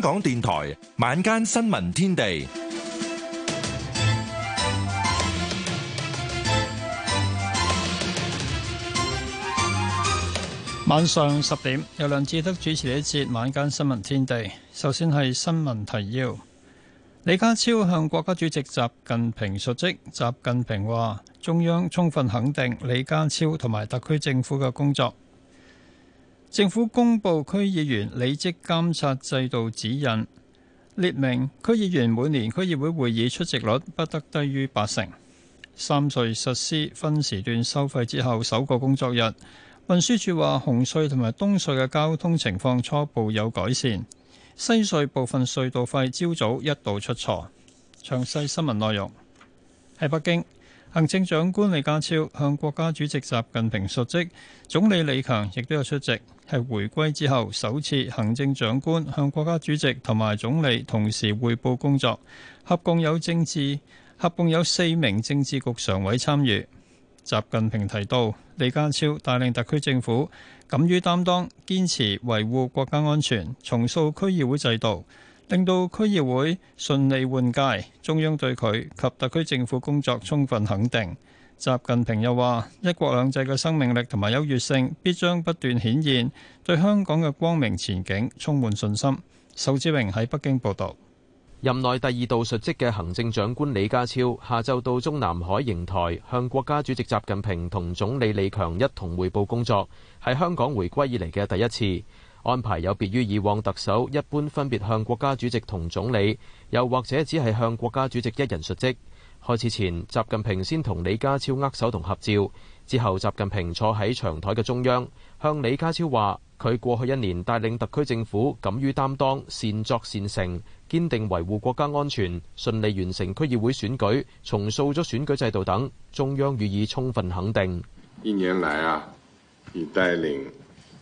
香港電台晚間新聞天地，晚上十點由梁志德主持呢一節晚間新聞天地。首先係新聞提要，李家超向國家主席習近平述職，習近平話中央充分肯定李家超同埋特區政府嘅工作。政府公布區議員履職監察制度指引，列明區議員每年區議會會議出席率不得低於八成。三隧實施分時段收費之後首個工作日，運輸署話紅隧同埋東隧嘅交通情況初步有改善，西隧部分隧道費朝早一度出錯。詳細新聞內容喺北京。行政長官李家超向國家主席習近平述職，總理李強亦都有出席，係回歸之後首次行政長官向國家主席同埋總理同時匯報工作，合共有政治，合共有四名政治局常委參與。習近平提到，李家超帶領特區政府，敢於擔當，堅持維護國家安全，重塑區議會制度。令到區議會順利換屆，中央對佢及特區政府工作充分肯定。習近平又話：一國兩制嘅生命力同埋優越性，必將不斷顯現，對香港嘅光明前景充滿信心。仇志榮喺北京報導。任內第二度述職嘅行政長官李家超，下晝到中南海瀛台，向國家主席習近平同總理李強一同彙報工作，係香港回歸以嚟嘅第一次。安排有別於以往，特首一般分別向國家主席同總理，又或者只係向國家主席一人述職。開始前，習近平先同李家超握手同合照，之後習近平坐喺長台嘅中央，向李家超話：佢過去一年帶領特區政府敢於擔當、善作善成、堅定維護國家安全，順利完成區議會選舉，重塑咗選舉制度等，中央予以充分肯定。一年來啊，佢帶領。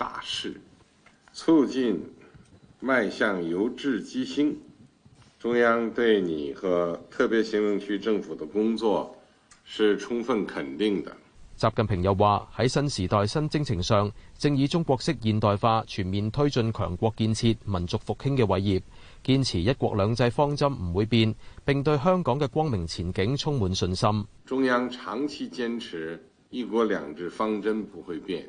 大事，促進邁向由治及興，中央對你和特別行政區政府的工作是充分肯定的。習近平又話，喺新時代新征程上，正以中國式現代化全面推進強國建設、民族復興嘅偉業，堅持一國兩制方針唔會變，並對香港嘅光明前景充滿信心。中央長期堅持一國兩制方針不會變。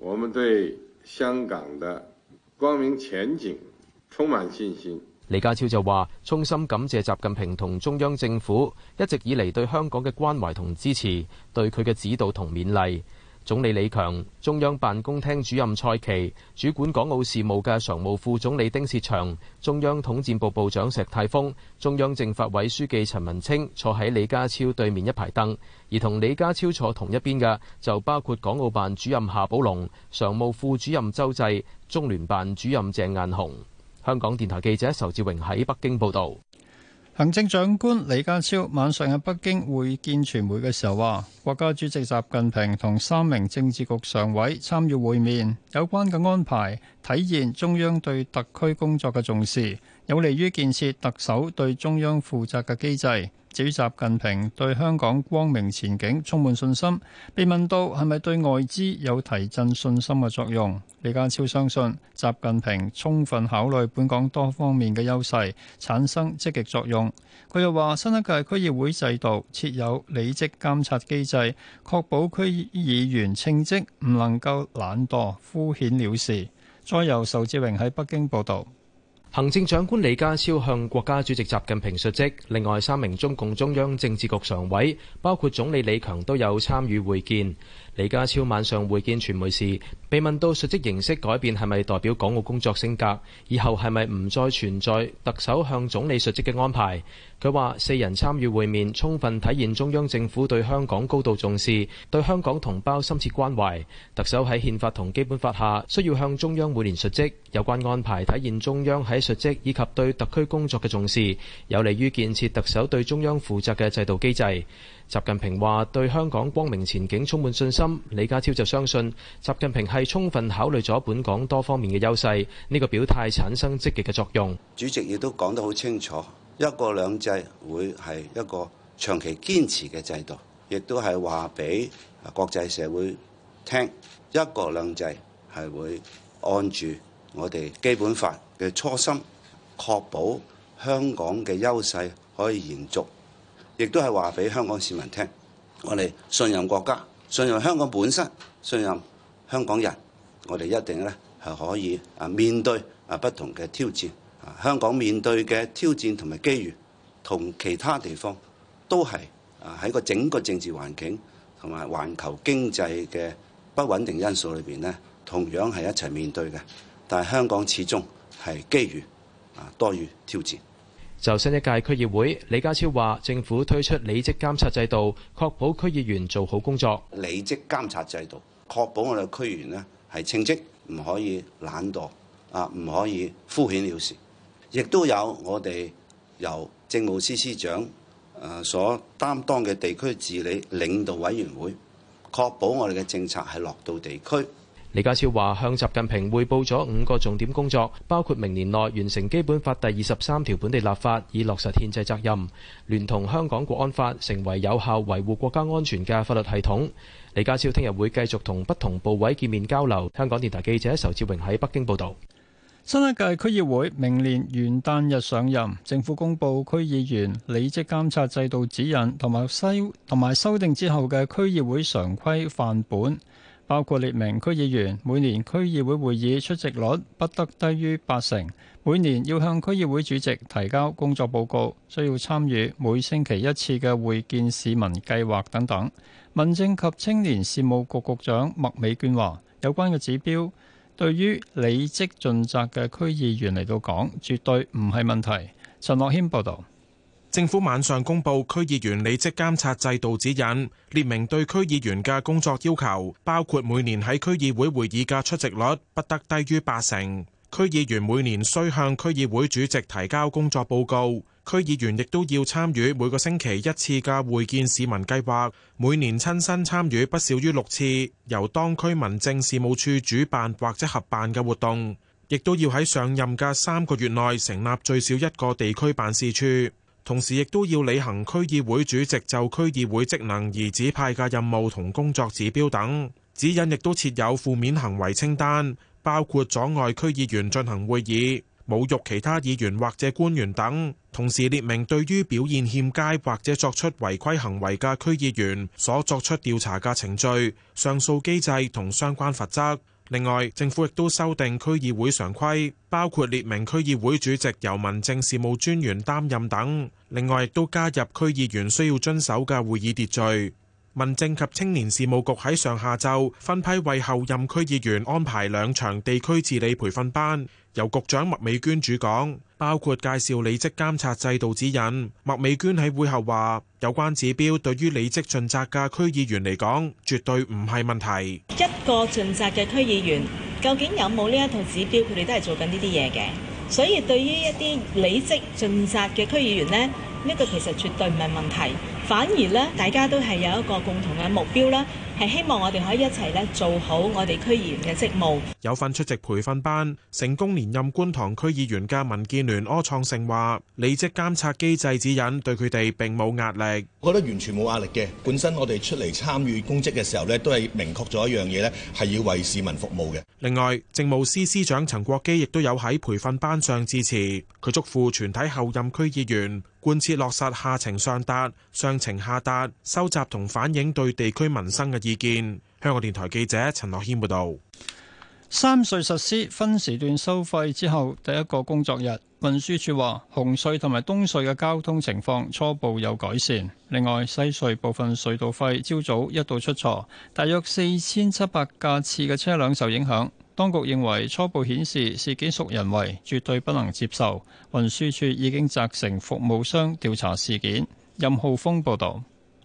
我們對香港的光明前景充滿信心。李家超就話：衷心感謝習近平同中央政府一直以嚟對香港嘅關懷同支持，對佢嘅指導同勉勵。總理李強、中央辦公廳主任蔡奇、主管港澳事務嘅常務副總理丁薛祥、中央統戰部部長石泰峰、中央政法委書記陳文清坐喺李家超對面一排凳，而同李家超坐同一邊嘅就包括港澳辦主任夏寶龍、常務副主任周濟、中聯辦主任鄭雁雄。香港電台記者仇志榮喺北京報道。行政長官李家超晚上喺北京會見傳媒嘅時候話，國家主席習近平同三名政治局常委參與會面，有關嘅安排體現中央對特區工作嘅重視，有利於建設特首對中央負責嘅機制。至於習近平對香港光明前景充滿信心，被問到係咪對外資有提振信心嘅作用，李家超相信習近平充分考慮本港多方面嘅優勢，產生積極作用。佢又話：新一屆區議會制度設有履職監察機制，確保區議員稱職，唔能夠懶惰敷衍了事。再由仇志榮喺北京報導。行政長官李家超向國家主席習近平述職，另外三名中共中央政治局常委，包括總理李強都有參與會見。李家超晚上會見傳媒時，被問到述職形式改變係咪代表港澳工作升格，以後係咪唔再存在特首向總理述職嘅安排？佢話四人參與會面，充分體現中央政府對香港高度重視，對香港同胞深切關懷。特首喺憲法同基本法下需要向中央每年述職，有關安排體現中央喺述職以及對特區工作嘅重視，有利於建設特首對中央負責嘅制度機制。習近平話對香港光明前景充滿信心，李家超就相信習近平係充分考慮咗本港多方面嘅優勢，呢個表態產生積極嘅作用。主席亦都講得好清楚，一國兩制會係一個長期堅持嘅制度，亦都係話俾國際社會聽，一國兩制係會按住我哋基本法嘅初心，確保香港嘅優勢可以延續。亦都係話俾香港市民聽，我哋信任國家，信任香港本身，信任香港人，我哋一定咧係可以啊面對啊不同嘅挑戰。啊，香港面對嘅挑戰同埋機遇，同其他地方都係啊喺個整個政治環境同埋環球經濟嘅不穩定因素裏邊咧，同樣係一齊面對嘅。但係香港始終係機遇啊多於挑戰。就新一屆區議會，李家超話政府推出履職監察制度，確保區議員做好工作。履職監察制度，確保我哋區議員呢係稱職，唔可以懶惰，啊唔可以敷衍了事。亦都有我哋由政務司司長誒所擔當嘅地區治理領導委員會，確保我哋嘅政策係落到地區。李家超話向習近平匯報咗五個重點工作，包括明年內完成基本法第二十三條本地立法，以落實憲制責任；聯同香港國安法，成為有效維護國家安全嘅法律系統。李家超聽日會繼續同不同部委見面交流。香港電台記者仇志榮喺北京報道：新一屆區議會明年元旦日上任，政府公布區議員履職監察制度指引，同埋修同埋修訂之後嘅區議會常規範本。包括列明區議員每年區議會會議出席率不得低於八成，每年要向區議會主席提交工作報告，需要參與每星期一次嘅會見市民計劃等等。民政及青年事務局局長麥美娟話有關嘅指標對於理職盡責嘅區議員嚟到講，絕對唔係問題，陳樂謙報道。政府晚上公布區議員履職監察制度指引，列明對區議員嘅工作要求，包括每年喺區議會會議嘅出席率不得低於八成，區議員每年需向區議會主席提交工作報告，區議員亦都要參與每個星期一次嘅會見市民計劃，每年親身參與不少於六次由當區民政事務處主辦或者合辦嘅活動，亦都要喺上任嘅三個月內成立最少一個地區辦事處。同時，亦都要履行區議會主席就區議會職能而指派嘅任務同工作指標等指引，亦都設有負面行為清單，包括阻礙區議員進行會議、侮辱其他議員或者官員等。同時，列明對於表現欠佳或者作出違規行為嘅區議員所作出調查嘅程序、上訴機制同相關罰則。另外，政府亦都修訂區議會常規，包括列明區議會主席由民政事務專員擔任等。另外，亦都加入區議員需要遵守嘅會議秩序。民政及青年事務局喺上下晝分批為候任區議員安排兩場地區治理培訓班，由局長麥美娟主講，包括介紹履職監察制度指引。麥美娟喺會後話：有關指標對於履職盡責嘅區議員嚟講，絕對唔係問題。一個盡責嘅區議員，究竟有冇呢一套指標，佢哋都係做緊呢啲嘢嘅。所以對於一啲履職盡責嘅區議員呢，呢個其實絕對唔係問題。反而咧，大家都係有一個共同嘅目標啦，係希望我哋可以一齊咧做好我哋區議員嘅職務，有份出席培訓班，成功連任觀塘區議員嘅民建聯柯創盛話，履職監察機制指引對佢哋並冇壓力，我覺得完全冇壓力嘅。本身我哋出嚟參與公職嘅時候咧，都係明確咗一樣嘢咧，係要為市民服務嘅。另外，政務司司長陳國基亦都有喺培訓班上致辭，佢祝福全體候任區議員。貫徹落實下情上達，上情下達，收集同反映對地區民生嘅意見。香港電台記者陳樂謙報道。三隧實施分時段收費之後，第一個工作日，運輸署話紅隧同埋東隧嘅交通情況初步有改善。另外，西隧部分隧道費朝早一度出錯，大約四千七百架次嘅車輛受影響。當局認為初步顯示事件屬人為，絕對不能接受。運輸署已經責成服務商調查事件。任浩峰報導。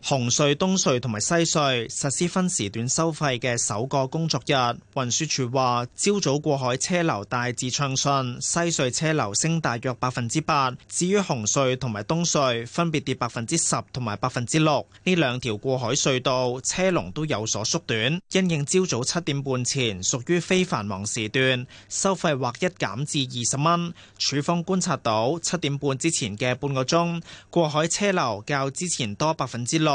紅隧、東隧同埋西隧實施分時段收費嘅首個工作日，運輸署話：朝早過海車流大致暢順，西隧車流升大約百分之八。至於紅隧同埋東隧，分別跌百分之十同埋百分之六。呢兩條過海隧道車龍都有所縮短，因應朝早七點半前屬於非繁忙時段，收費劃一減至二十蚊。署方觀察到七點半之前嘅半個鐘過海車流較之前多百分之六。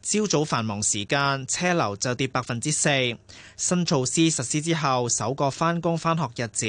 朝早繁忙時間車流就跌百分之四，新措施實施之後首個返工返學日子，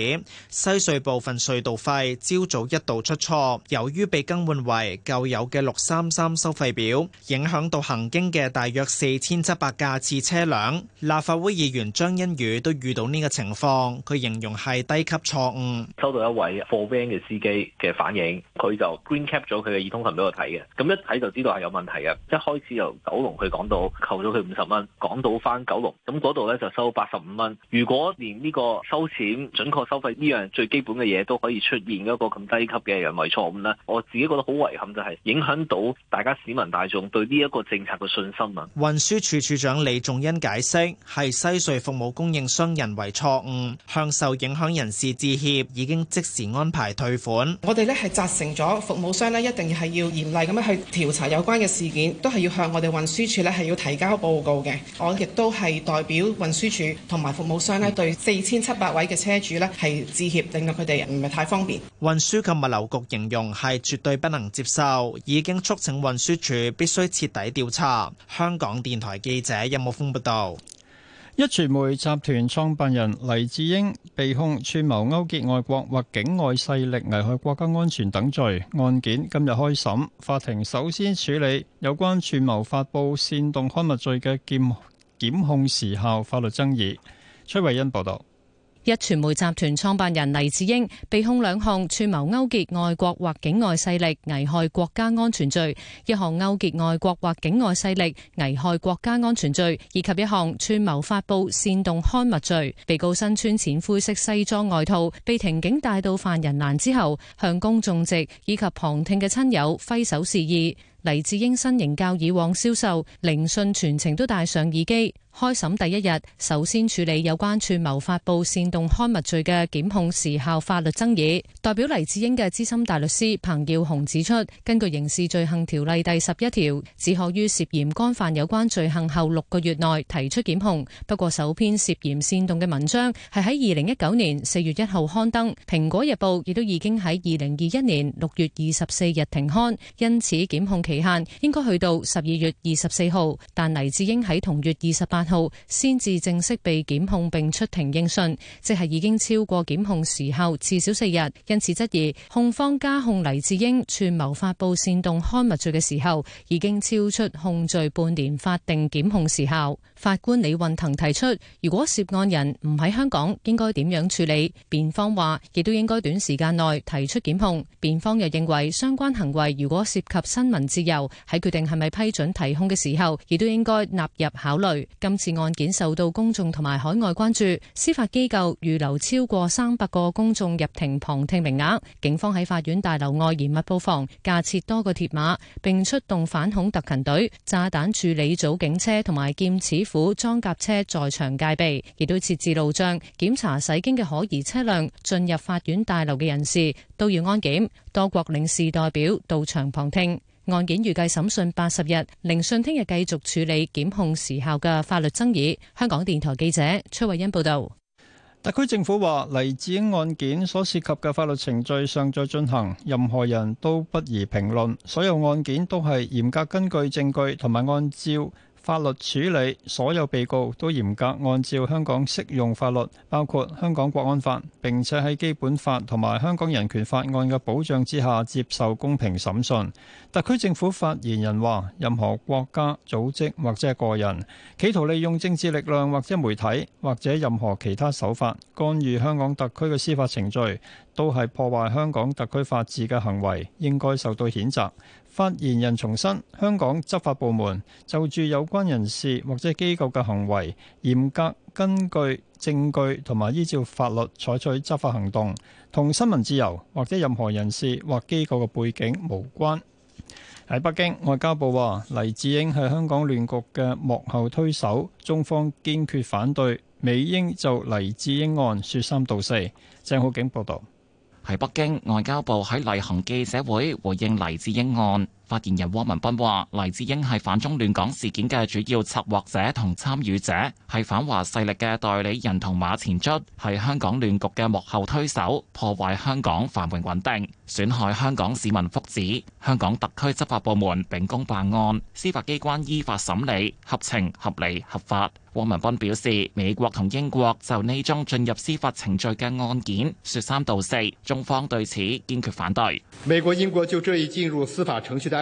西隧部分隧道費朝早一度出錯，由於被更換為舊有嘅六三三收費表，影響到行經嘅大約四千七百架次車輛。立法會議員張欣宇都遇到呢個情況，佢形容係低級錯誤。收到一位貨 van 嘅司機嘅反應，佢就 green cap 咗佢嘅易通行俾我睇嘅，咁一睇就知道係有問題嘅，一開始就走。龍去港島，扣咗佢五十蚊港島翻九龍，咁嗰度咧就收八十五蚊。如果連呢個收錢準確收費呢樣最基本嘅嘢都可以出現一個咁低級嘅人為錯誤咧，我自己覺得好遺憾，就係影響到大家市民大眾對呢一個政策嘅信心啊！運輸處處長李仲恩解釋，係西隧服務供應商人為錯誤，向受影響人士致歉，已經即時安排退款。我哋咧係責成咗服務商咧，一定係要嚴厲咁樣去調查有關嘅事件，都係要向我哋運。運輸署咧係要提交報告嘅，我亦都係代表運輸署同埋服務商咧，對四千七百位嘅車主咧係致歉，令到佢哋唔係太方便。運輸及物流局形容係絕對不能接受，已經促請運輸署必須徹底調查。香港電台記者任木峰報道。一傳媒集團創辦人黎智英被控串謀勾結外國或境外勢力危害國家安全等罪案件，今日開審。法庭首先處理有關串謀發布煽動刊物罪嘅檢檢控時效法律爭議。崔慧欣報道。一傳媒集團創辦人黎智英被控兩項串謀勾結外國或境外勢力危害國家安全罪，一項勾結外國或境外勢力危害國家安全罪，以及一項串謀發佈煽動刊物罪。被告身穿淺灰色西裝外套，被庭警帶到犯人欄之後，向公眾席以及旁聽嘅親友揮手示意。黎智英身形較以往消瘦，聆訊全程都戴上耳機。開審第一日，首先處理有關串謀發佈煽動刊物罪嘅檢控時效法律爭議。代表黎智英嘅資深大律師彭耀雄指出，根據刑事罪行條例第十一條，只可於涉嫌干犯有關罪行後六個月內提出檢控。不過，首篇涉嫌煽動嘅文章係喺二零一九年四月一號刊登，《蘋果日報》亦都已經喺二零二一年六月二十四日停刊，因此檢控期限應該去到十二月二十四號。但黎智英喺同月二十八號先至正式被檢控並出庭應訊，即係已經超過檢控時效至少四日，因此質疑控方加控黎智英串謀發布煽動刊物罪嘅時候，已經超出控罪半年法定檢控時效。法官李運騰提出，如果涉案人唔喺香港，應該點樣處理？辯方話亦都應該短時間內提出檢控。辯方又認為，相關行為如果涉及新聞自由，喺決定係咪批准提控嘅時候，亦都應該納入考慮。今次案件受到公眾同埋海外關注，司法機構預留超過三百個公眾入庭旁聽名額。警方喺法院大樓外嚴密布防，架設多個鐵馬，並出動反恐特勤隊、炸彈處理組警車同埋劍齒虎裝甲車在場戒備，亦都設置路障，檢查駛經嘅可疑車輛。進入法院大樓嘅人士都要安檢。多國領事代表到場旁聽。案件預計審訊八十日，聆訊聽日繼續處理檢控時效嘅法律爭議。香港電台記者崔慧欣報道。特區政府話，黎智英案件所涉及嘅法律程序尚在進行，任何人都不宜評論。所有案件都係嚴格根據證據同埋按照。法律處理所有被告都嚴格按照香港適用法律，包括香港國安法，並且喺基本法同埋香港人權法案嘅保障之下接受公平審訊。特區政府發言人話：任何國家、組織或者係個人，企圖利用政治力量或者媒體或者任何其他手法，干預香港特區嘅司法程序，都係破壞香港特區法治嘅行為，應該受到譴責。發言人重申，香港執法部門就住有關人士或者機構嘅行為，嚴格根據證據同埋依照法律採取執法行動，同新聞自由或者任何人士或機構嘅背景無關。喺北京，外交部話黎智英係香港亂局嘅幕後推手，中方堅決反對美英就黎智英案説三道四。鄭浩景報導。喺北京，外交部喺例行記者會回應黎智英案。發言人汪文斌話：黎智英係反中亂港事件嘅主要策劃者同參與者，係反華勢力嘅代理人同馬前卒，係香港亂局嘅幕後推手，破壞香港繁榮穩定，損害香港市民福祉。香港特區執法部門秉公辦案，司法機關依法審理，合情合理合法。汪文斌表示，美國同英國就呢宗進入司法程序嘅案件說三道四，中方對此堅決反對。美國、英國就這一進入司法程序的。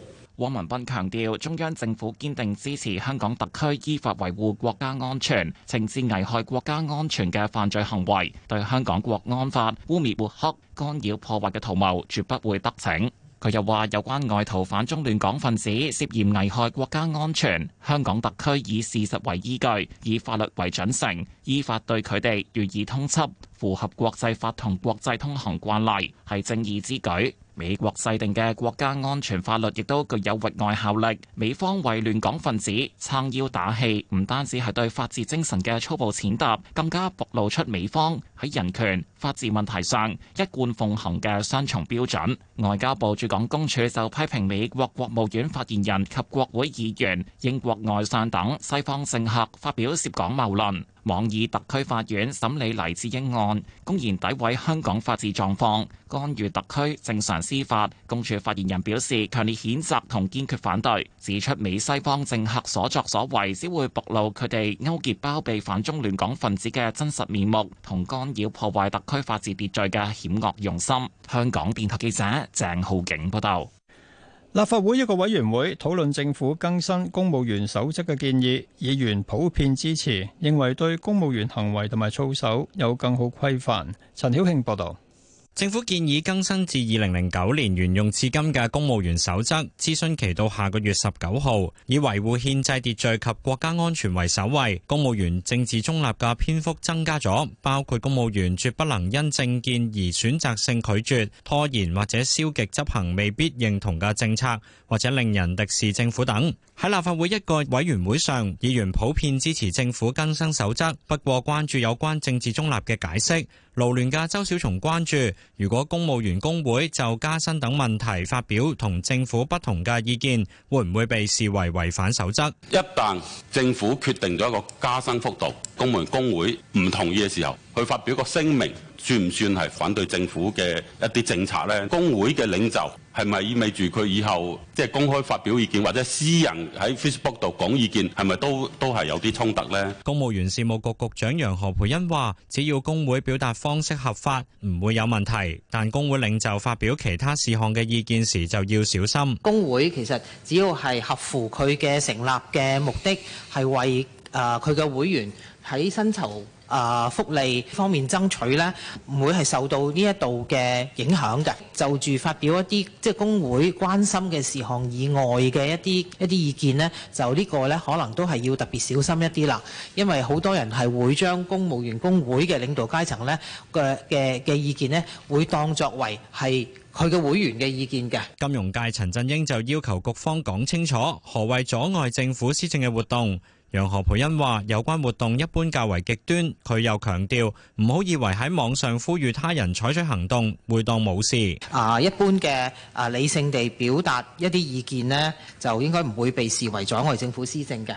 汪文斌強調，中央政府堅定支持香港特區依法維護國家安全，懲治危害國家安全嘅犯罪行為，對香港國安法污蔑抹黑、干擾破壞嘅圖謀絕不會得逞。佢又話，有關外逃反中亂港分子涉嫌危害國家安全，香港特區以事實為依據，以法律為準繩，依法對佢哋予以通緝，符合國際法同國際通行慣例，係正義之舉。美國制定嘅國家安全法律亦都具有域外效力。美方為亂港分子撐腰打氣，唔單止係對法治精神嘅粗暴踐踏，更加暴露出美方喺人權、法治問題上一貫奉行嘅雙重標準。外交部駐港公署就批評美國國務院發言人及國會議員、英國外相等西方政客發表涉港謬論。妄議特區法院審理黎智英案，公然詆毀香港法治狀況，干預特區正常司法。公署發言人表示，強烈譴責同堅決反對，指出美西方政客所作所為，只會暴露佢哋勾結包庇反中亂港分子嘅真實面目，同干擾破壞特區法治秩序嘅險惡用心。香港電台記者鄭浩景報道。立法會一個委員會討論政府更新公務員守則嘅建議，議員普遍支持，認為對公務員行為同埋操守有更好規範。陳曉慶報道。政府建議更新至二零零九年沿用至今嘅公務員守則，諮詢期到下個月十九號，以維護憲制秩序及國家安全為首位。公務員政治中立嘅篇幅增加咗，包括公務員絕不能因政見而選擇性拒絕、拖延或者消極執行未必認同嘅政策，或者令人敵視政府等。喺立法會一個委員會上，議員普遍支持政府更新守則，不過關注有關政治中立嘅解釋。勞聯嘅周小松關注，如果公務員工會就加薪等問題發表同政府不同嘅意見，會唔會被視為違反守則？一旦政府決定咗一個加薪幅度，公務員工會唔同意嘅時候，去發表個聲明，算唔算係反對政府嘅一啲政策呢？工會嘅領袖。係咪意味住佢以後即係公開發表意見，或者私人喺 Facebook 度講意見，係咪都都係有啲衝突呢？公務員事務局局長楊何蓓茵話，只要工會表達方式合法，唔會有問題。但工會領袖發表其他事項嘅意見時，就要小心。工會其實只要係合乎佢嘅成立嘅目的，係為誒佢嘅會員喺薪酬，誒、啊、福利方面爭取呢，唔會係受到呢一度嘅影響嘅。就住發表一啲即係工會關心嘅事項以外嘅一啲一啲意見呢，就呢個呢，可能都係要特別小心一啲啦。因為好多人係會將公務員工會嘅領導階層呢嘅嘅嘅意見呢，會當作為係佢嘅會員嘅意見嘅。金融界陳振英就要求局方講清楚何謂阻礙政府施政嘅活動。楊何蓓茵話：有關活動一般較為極端，佢又強調唔好以為喺網上呼籲他人採取行動會當冇事。啊，一般嘅啊，理性地表達一啲意見呢，就應該唔會被視為阻礙政府施政嘅。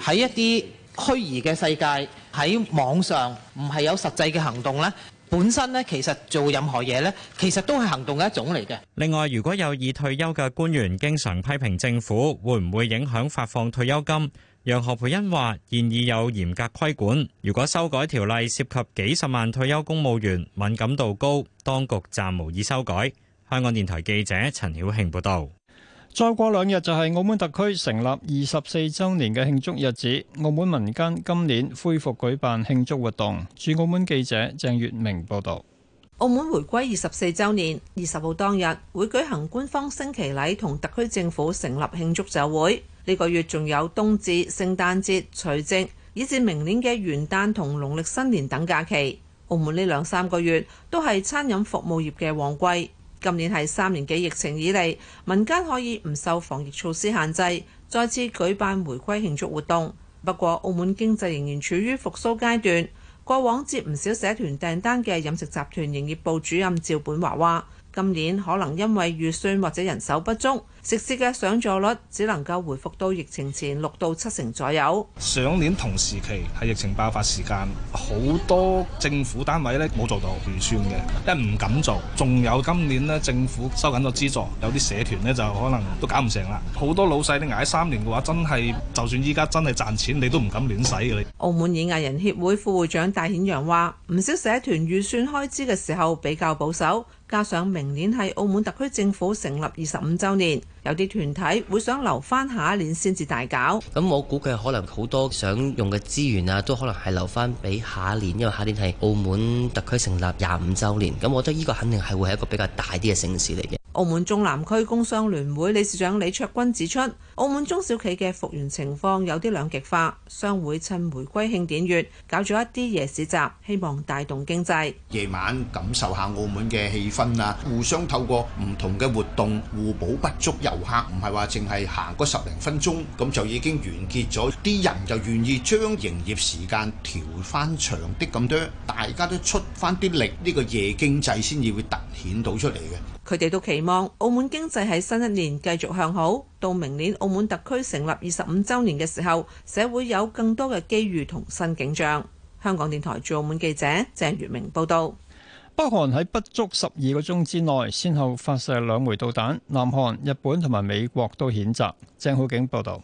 喺一啲虛擬嘅世界，喺網上唔係有實際嘅行動呢，本身呢其實做任何嘢呢，其實都係行動嘅一種嚟嘅。另外，如果有已退休嘅官員經常批評政府，會唔會影響發放退休金？楊何蓓茵話：現已有嚴格規管，如果修改條例涉及幾十萬退休公務員，敏感度高，當局暫無意修改。香港電台記者陳曉慶報道：「再過兩日就係澳門特區成立二十四週年嘅慶祝日子，澳門民間今年恢復舉辦慶祝活動。駐澳門記者鄭月明報道：「澳門回歸二十四週年，二十號當日會舉行官方升旗禮同特區政府成立慶祝酒會。呢個月仲有冬至、聖誕節、除夕，以至明年嘅元旦同農曆新年等假期，澳門呢兩三個月都係餐飲服務業嘅旺季。今年係三年幾疫情以嚟，民間可以唔受防疫措施限制，再次舉辦回歸慶祝活動。不過，澳門經濟仍然處於復甦階段。過往接唔少社團訂單嘅飲食集團營業部主任趙本華話，今年可能因為預算或者人手不足。食肆嘅上座率只能夠回復到疫情前六到七成左右。上年同時期係疫情爆發時間，好多政府單位呢冇做到預算嘅，因唔敢做。仲有今年呢，政府收緊咗資助，有啲社團呢就可能都搞唔成啦。好多老細咧，捱三年嘅話，真係就算依家真係賺錢，你都唔敢亂使嘅。澳門演藝人協會副會長戴顯陽話，唔少社團預算開支嘅時候比較保守，加上明年係澳門特區政府成立二十五週年。有啲團體會想留翻下一年先至大搞，咁我估計可能好多想用嘅資源啊，都可能係留翻俾下一年，因為下年係澳門特區成立廿五週年，咁我覺得呢個肯定係會係一個比較大啲嘅盛事嚟嘅。澳門中南區工商聯會理事長李卓君指出，澳門中小企嘅復原情況有啲兩極化。商會趁回歸慶典月搞咗一啲夜市集，希望帶動經濟。夜晚感受下澳門嘅氣氛啊！互相透過唔同嘅活動互補不足，遊客唔係話淨係行個十零分鐘咁就已經完結咗，啲人就願意將營業時間調翻長啲咁多，大家都出翻啲力，呢個夜經濟先至會突顯到出嚟嘅。佢哋都期望澳門經濟喺新一年繼續向好，到明年澳門特區成立二十五周年嘅時候，社會有更多嘅機遇同新景象。香港電台駐澳門記者鄭月明報道。北韓喺不足十二個鐘之內，先後發射兩枚導彈，南韓日本同埋美國都譴責。鄭浩景報道。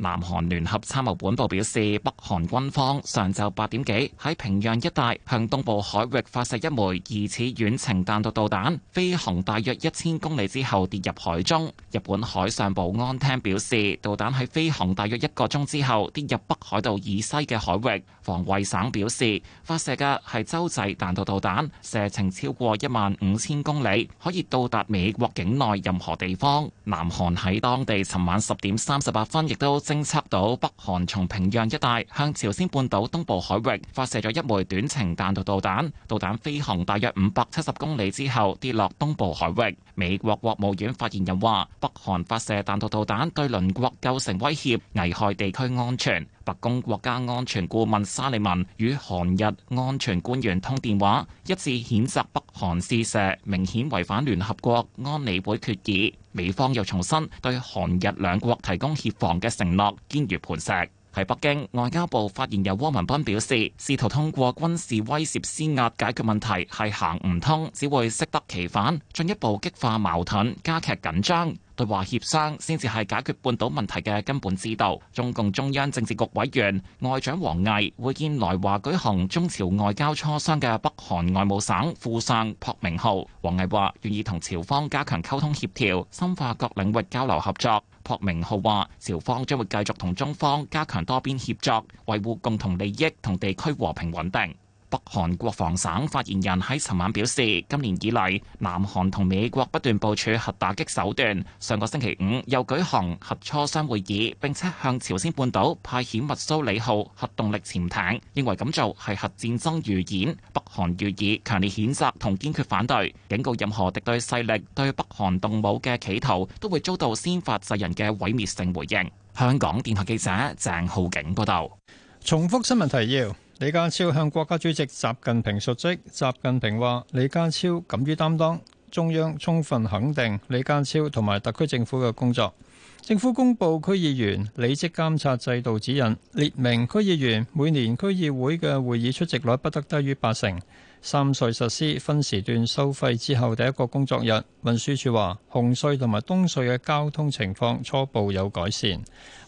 南韓聯合參謀本部表示，北韓軍方上晝八點幾喺平壤一帶向東部海域發射一枚疑似遠程彈道導彈，飛行大約一千公里之後跌入海中。日本海上保安廳表示，導彈喺飛行大約一個鐘之後跌入北海道以西嘅海域。防衛省表示，發射嘅係洲際彈道導彈，射程超過一萬五千公里，可以到達美國境內任何地方。南韓喺當地尋晚十點三十八分亦都偵測到北韓從平壤一帶向朝鮮半島東部海域發射咗一枚短程彈道導彈，導彈飛行大約五百七十公里之後跌落東部海域。美國國務院發言人話：北韓發射彈道導彈對鄰國構成威脅，危害地區安全。白宮國家安全顧問沙利文與韓日安全官員通電話，一致譴責北韓試射，明顯違反聯合國安理會決議。美方又重申對韓日兩國提供協防嘅承諾堅如磐石。喺北京，外交部發言人汪文斌表示，試圖通過軍事威脅施壓解決問題係行唔通，只會適得其反，進一步激化矛盾，加劇緊張。對話協商先至係解決半島問題嘅根本之道。中共中央政治局委員、外長王毅會見來華舉行中朝外交磋商嘅北韓外務省副相朴明浩。王毅話：願意同朝方加強溝通協調，深化各領域交流合作。朴明浩話：朝方將會繼續同中方加強多邊協作，維護共同利益同地區和平穩定。北韓國防省發言人喺尋晚表示，今年以嚟，南韓同美國不斷部署核打擊手段，上個星期五又舉行核磋商會議，並且向朝鮮半島派遣密蘇里號核動力潛艇，認為咁做係核戰爭預演。北韓予以強烈譴責同堅決反對，警告任何敵對勢力對北韓動武嘅企圖，都會遭到先發制人嘅毀滅性回應。香港電台記者鄭浩景報道。重複新聞提要。李家超向國家主席習近平述職，習近平話：李家超敢於擔當，中央充分肯定李家超同埋特區政府嘅工作。政府公布區議員履職監察制度指引，列明區議員每年區議會嘅會議出席率不得低於八成。三隧實施分時段收費之後，第一個工作日，運輸署話紅隧同埋東隧嘅交通情況初步有改善。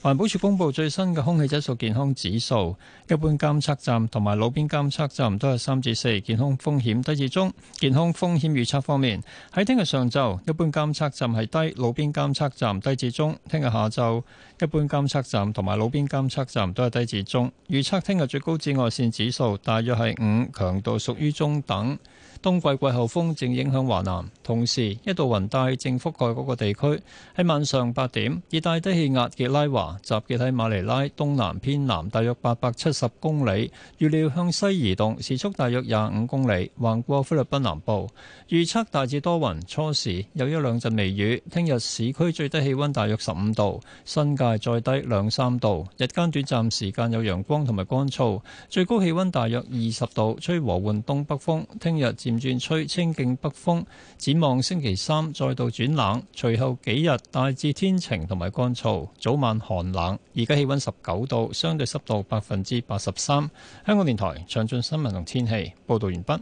環保署公布最新嘅空氣質素健康指數，一般監測站同埋路邊監測站都係三至四，4，健康風險低至中。健康風險預測方面，喺聽日上晝，一般監測站係低，路邊監測站低至中。聽日下晝。一般監測站同埋路邊監測站都係低至中，預測聽日最高紫外線指數大約係五，強度屬於中等。冬季季候風正影響華南，同時一道雲帶正覆蓋嗰個地區。喺晚上八點，熱帶低氣壓傑拉華集結喺馬尼拉東南偏南大約八百七十公里，預料向西移動，時速大約廿五公里，橫過菲律賓南部。預測大致多雲，初時有一兩陣微雨。聽日市區最低氣溫大約十五度，新界再低兩三度。日間短暫時間有陽光同埋乾燥，最高氣溫大約二十度，吹和緩東北風，聽日連轉吹清勁北風，展望星期三再度轉冷，隨後幾日大致天晴同埋乾燥，早晚寒冷。而家氣溫十九度，相對濕度百分之八十三。香港電台詳盡新聞同天氣報道完畢。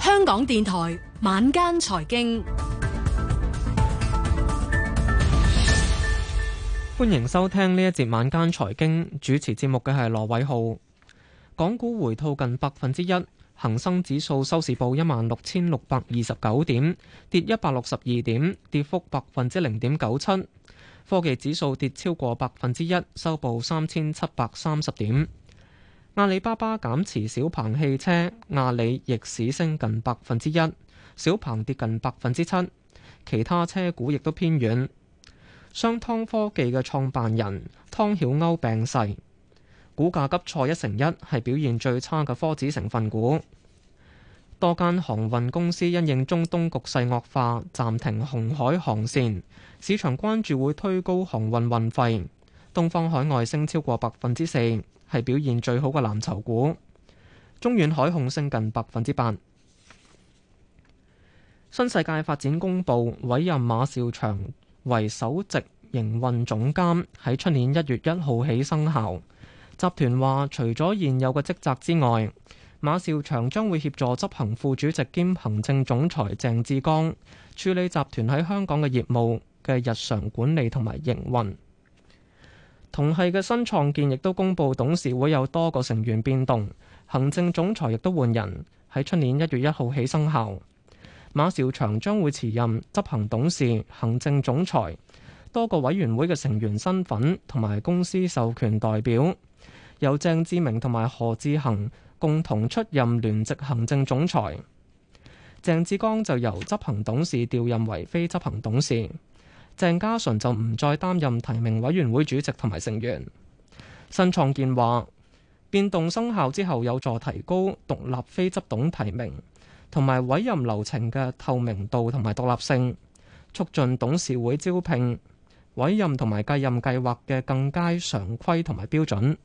香港電台晚間財經，歡迎收聽呢一節晚間財經主持節目嘅係羅偉浩。港股回吐近百分之一，恒生指數收市報一萬六千六百二十九點，跌一百六十二點，跌幅百分之零點九七。科技指數跌超過百分之一，收報三千七百三十點。阿里巴巴減持小鵬汽車，阿里逆市升近百分之一，小鵬跌近百分之七。其他車股亦都偏軟，商湯科技嘅創辦人湯曉鷗病逝。股價急挫一成一，係表現最差嘅科指成分股。多間航運公司因應中東局勢惡化，暫停紅海航線，市場關注會推高航運運費。東方海外升超過百分之四，係表現最好嘅藍籌股。中遠海控升近百分之八。新世界發展公布委任馬兆祥為首席營運總監，喺出年一月一號起生效。集團話，除咗現有嘅職責之外，馬紹祥將會協助執行副主席兼行政總裁鄭志剛處理集團喺香港嘅業務嘅日常管理同埋營運。同系嘅新創建亦都公佈，董事會有多個成員變動，行政總裁亦都換人。喺出年一月一號起生效，馬紹祥將會辭任執行董事、行政總裁、多個委員會嘅成員身份同埋公司授權代表。有鄭志明同埋何志恒共同出任聯席行政總裁，鄭志剛就由執行董事調任為非執行董事，鄭家純就唔再擔任提名委員會主席同埋成員。新創建話，變動生效之後有助提高獨立非執董提名同埋委任流程嘅透明度同埋獨立性，促進董事會招聘委任同埋繼任計劃嘅更佳常規同埋標準。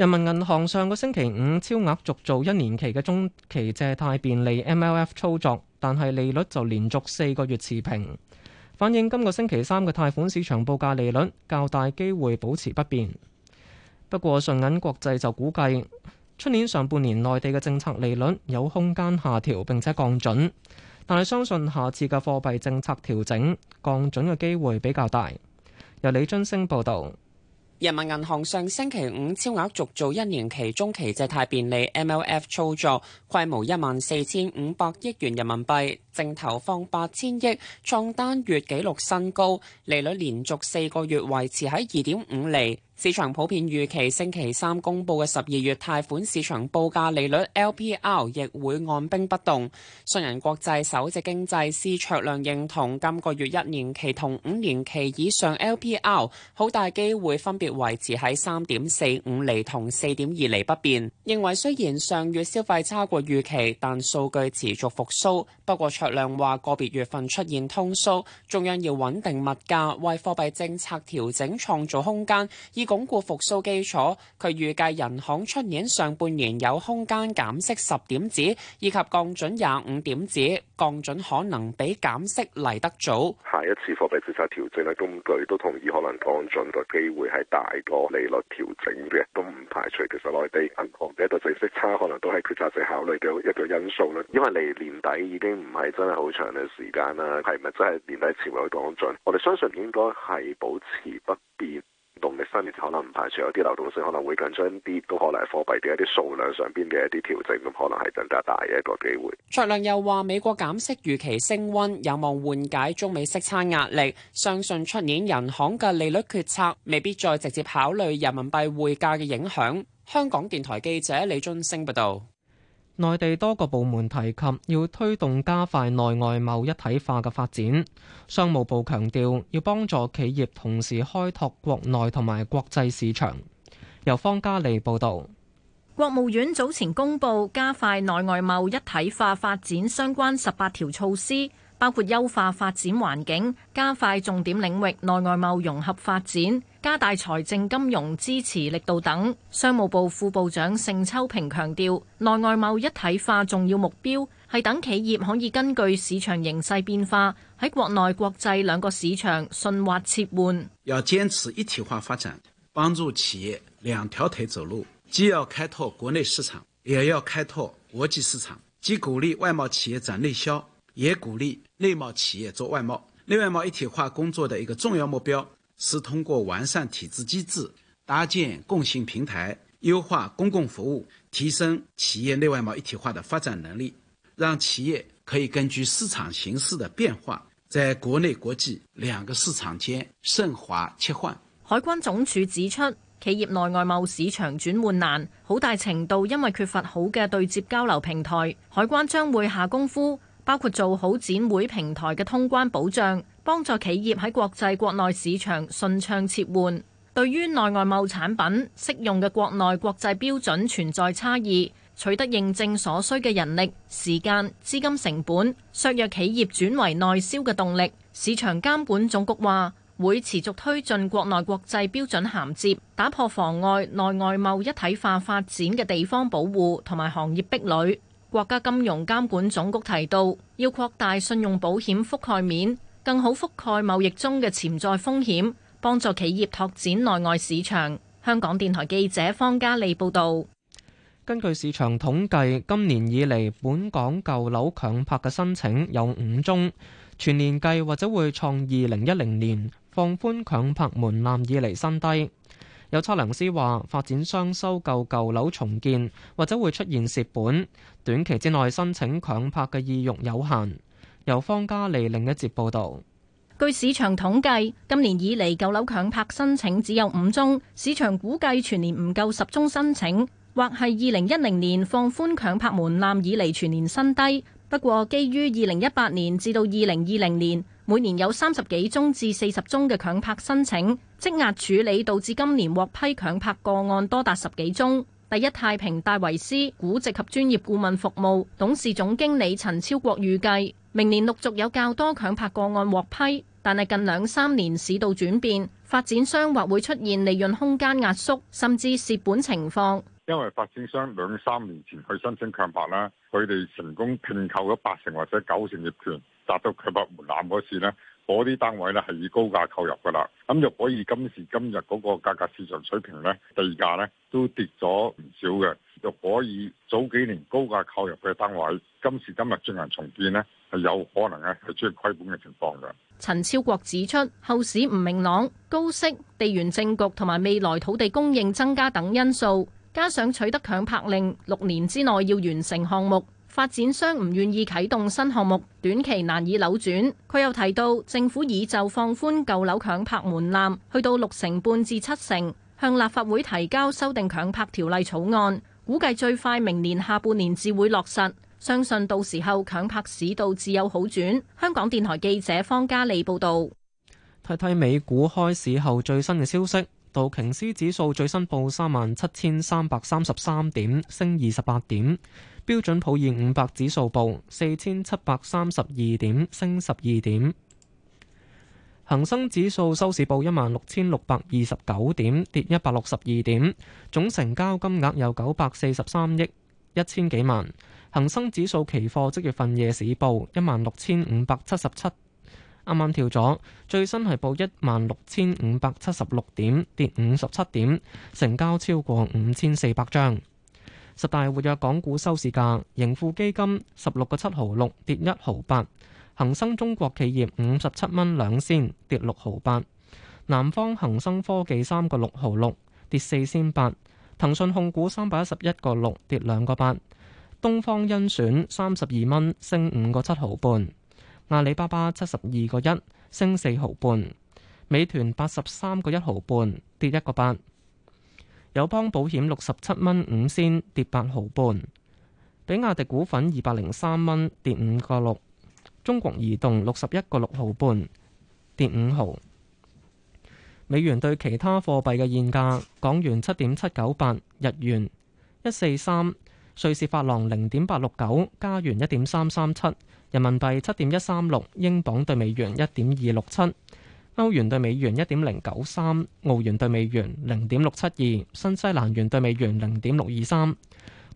人民銀行上個星期五超額續做一年期嘅中期借貸便利 （MLF） 操作，但係利率就連續四個月持平，反映今個星期三嘅貸款市場報價利率較大機會保持不變。不過，信銀國際就估計，出年上半年內地嘅政策利率有空間下調並且降準，但係相信下次嘅貨幣政策調整降準嘅機會比較大。由李津升報導。人民銀行上星期五超額續做一年期中期借貸便利 （MLF） 操作，規模一萬四千五百億元人民幣，淨投放八千億，創單月紀錄新高，利率連續四個月維持喺二點五厘。市場普遍預期星期三公布嘅十二月貸款市場報價利率 LPR 亦會按兵不動。信銀國際首席經濟師卓亮認同，今個月一年期同五年期以上 LPR 好大機會分別維持喺三點四五厘同四點二厘不變。認為雖然上月消費差過預期，但數據持續復甦。不過卓亮話，個別月份出現通縮，中央要穩定物價，為貨幣政策調整創造空間。依鞏固復甦基礎，佢預計人行出年上半年有空間減息十點止，以及降準廿五點止，降準可能比減息嚟得早。下一次貨幣政策調整嘅工具都同意，可能降準嘅機會係大過利率調整嘅，都唔排除。其實內地銀行嘅一個息差可能都係決策者考慮嘅一個因素啦。因為嚟年底已經唔係真係好長嘅時間啦，係咪真係年底前會去降準？我哋相信應該係保持不變。動力分裂可能唔排除有啲流動性可能會緊張啲，都可能係貨幣嘅一啲數量上邊嘅一啲調整，咁可能係更加大嘅一個機會。卓亮又話：美國減息預期升温，有望緩解中美息差壓力。相信出年人行嘅利率決策未必再直接考慮人民幣匯價嘅影響。香港電台記者李俊升報道。內地多個部門提及要推動加快內外貿一體化嘅發展。商務部強調要幫助企業同時開拓國內同埋國際市場。由方嘉利報道。國務院早前公布加快內外貿一體化發展相關十八條措施。包括優化發展環境、加快重點領域內外貿融合發展、加大財政金融支持力度等。商務部副部長盛秋平強調，內外貿一體化重要目標係等企業可以根據市場形勢變化喺國內國際兩個市場順滑切換。要堅持一體化發展，幫助企業兩條腿走路，既要開拓國內市場，也要開拓國際市場，既鼓勵外貿企業展內銷。也鼓勵內貿企業做外貿，內外貿一體化工作的一個重要目標是通過完善體制機制、搭建共性平台、優化公共服務，提升企業內外貿一體化的發展能力，讓企業可以根據市場形勢的變化，在國內國際兩個市場間順滑切換。海關總署指出，企業內外貿市場轉換難，好大程度因為缺乏好嘅對接交流平台，海關將會下功夫。包括做好展會平台嘅通關保障，幫助企業喺國際國內市場順暢切換。對於內外貿產品適用嘅國內國際標準存在差異，取得認證所需嘅人力、時間、資金成本削弱企業轉為內銷嘅動力。市場監管總局話會持續推進國內國際標準銜接，打破妨礙內外貿一體化發展嘅地方保護同埋行業壁壘。國家金融監管總局提到，要擴大信用保險覆蓋面，更好覆蓋貿易中嘅潛在風險，幫助企業拓展內外市場。香港電台記者方嘉利報道。根據市場統計，今年以嚟本港舊樓強拍嘅申請有五宗，全年計或者會創二零一零年放寬強拍門檻以嚟新低。有測量師話，發展商收購舊樓、樓重建，或者會出現蝕本，短期之內申請強拍嘅意欲有限。由方家利另一節報導，據市場統計，今年以嚟舊樓強拍申請只有五宗，市場估計全年唔夠十宗申請，或係二零一零年放寬強拍門檻以嚟全年新低。不過，基於二零一八年至到二零二零年，每年有三十幾宗至四十宗嘅強拍申請，積壓處理，導致今年獲批強拍個案多達十幾宗。第一太平戴維斯估值及專業顧問服務董事總經理陳超國預計，明年陸續有較多強拍個案獲批，但係近兩三年市道轉變，發展商或會出現利潤空間壓縮，甚至蝕本情況。因為發展商兩三年前去申請強拍啦，佢哋成功併購咗八成或者九成業權。達到強拍門檻嗰次咧，嗰啲單位呢係以高價購入㗎啦。咁又可以今時今日嗰個價格市場水平咧，地價呢都跌咗唔少嘅。又可以早幾年高價購入嘅單位，今時今日進行重建呢係有可能咧係出現虧本嘅情況㗎。陳超國指出，後市唔明朗、高息、地緣政局同埋未來土地供應增加等因素，加上取得強拍令，六年之內要完成項目。發展商唔願意啟動新項目，短期難以扭轉。佢又提到，政府已就放寬舊樓強拍門檻，去到六成半至七成，向立法會提交修訂強拍條例草案，估計最快明年下半年至會落實。相信到時候強拍市道自有好轉。香港電台記者方嘉利報道。睇睇美股開市後最新嘅消息，道瓊斯指數最新報三萬七千三百三十三點，升二十八點。標準普爾五百指數報四千七百三十二點，升十二點。恒生指數收市報一萬六千六百二十九點，跌一百六十二點。總成交金額有九百四十三億一千幾萬。恒生指數期貨即月份夜市報一萬六千五百七十七，啱啱跳咗，最新係報一萬六千五百七十六點，跌五十七點，成交超過五千四百張。十大活躍港股收市價，盈富基金十六個七毫六，跌一毫八；恒生中國企業五十七蚊兩仙，跌六毫八；南方恒生科技三個六毫六，跌四仙八；騰訊控股三百一十一個六，跌兩個八；東方甄選三十二蚊，升五個七毫半；阿里巴巴七十二個一，升四毫半；美團八十三個一毫半，跌一個八。友邦保險六十七蚊五仙，跌八毫半，比亞迪股份二百零三蚊，跌五個六，中國移動六十一個六毫半，跌五毫。美元對其他貨幣嘅現價：港元七點七九八，日元一四三，瑞士法郎零點八六九，加元一點三三七，人民幣七點一三六，英鎊對美元一點二六七。歐元兌美元一點零九三，澳元兌美元零點六七二，新西蘭元兌美元零點六二三。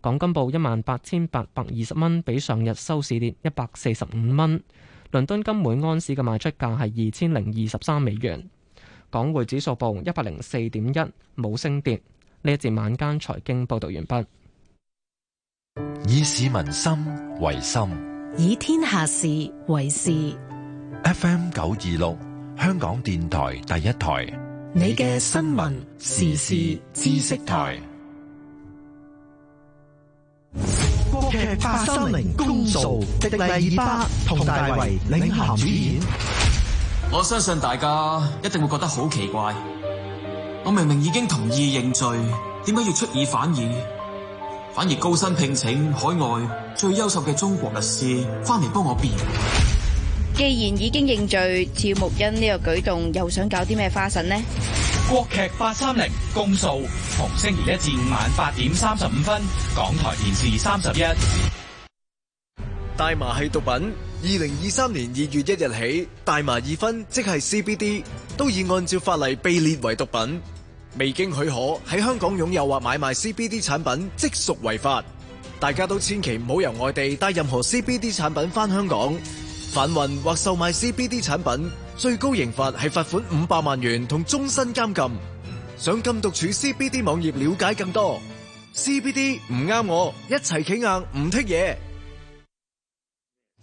港金報一萬八千八百二十蚊，比上日收市跌一百四十五蚊。倫敦金每安士嘅賣出價係二千零二十三美元。港匯指數報一百零四點一，冇升跌。呢一節晚間財經報道完畢。以市民心為心，以天下事為事。F.M. 九二六。香港電台第一台，你嘅新聞時事知識台。國劇八三零公訴，迪麗熱巴、佟大為領銜主演。我相信大家一定會覺得好奇怪，我明明已經同意認罪，點解要出爾反爾？反而高薪聘請海外最優秀嘅中國律師幫我，翻嚟幫我辯。既然已經認罪，趙木恩呢個舉動又想搞啲咩花神呢？國劇八三零公訴，逢星期一至五晚八點三十五分，港台電視三十一。大麻係毒品，二零二三年二月一日起，大麻二酚即係 CBD，都已按照法例被列為毒品。未經許可喺香港擁有或買賣 CBD 產品，即屬違法。大家都千祈唔好由外地帶任何 CBD 產品翻香港。販運或售賣 CBD 產品，最高刑罰係罰款五百萬元同終身監禁。想禁毒處 CBD 網頁了解更多。CBD 唔啱我，一齊企硬唔剔嘢。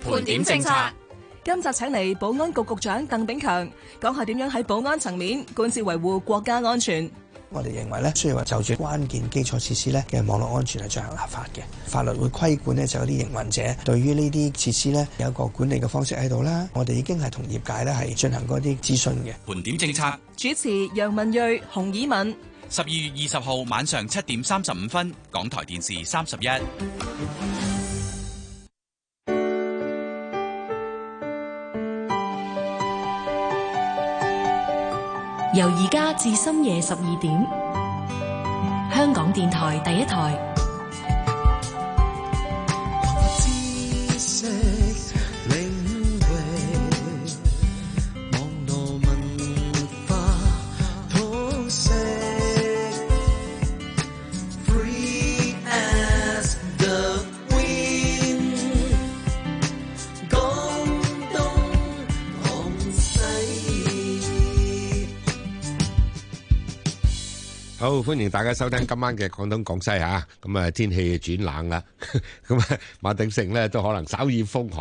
盤點政策，今集請嚟保安局局長鄧炳強，講下點樣喺保安層面管治維護國家安全。我哋認為咧，雖然話就住關鍵基礎設施咧嘅網絡安全係進行立法嘅，法律會規管咧就有啲營運者對於呢啲設施咧有一個管理嘅方式喺度啦。我哋已經係同業界咧係進行過一啲諮詢嘅。盤點政策主持楊文睿、洪綺敏，十二月二十號晚上七點三十五分，港台電視三十一。由而家至深夜十二點，香港電台第一台。好，歡迎大家收聽今晚嘅廣東廣西吓，咁啊天氣轉冷啦，咁啊馬鼎盛咧都可能稍以風寒。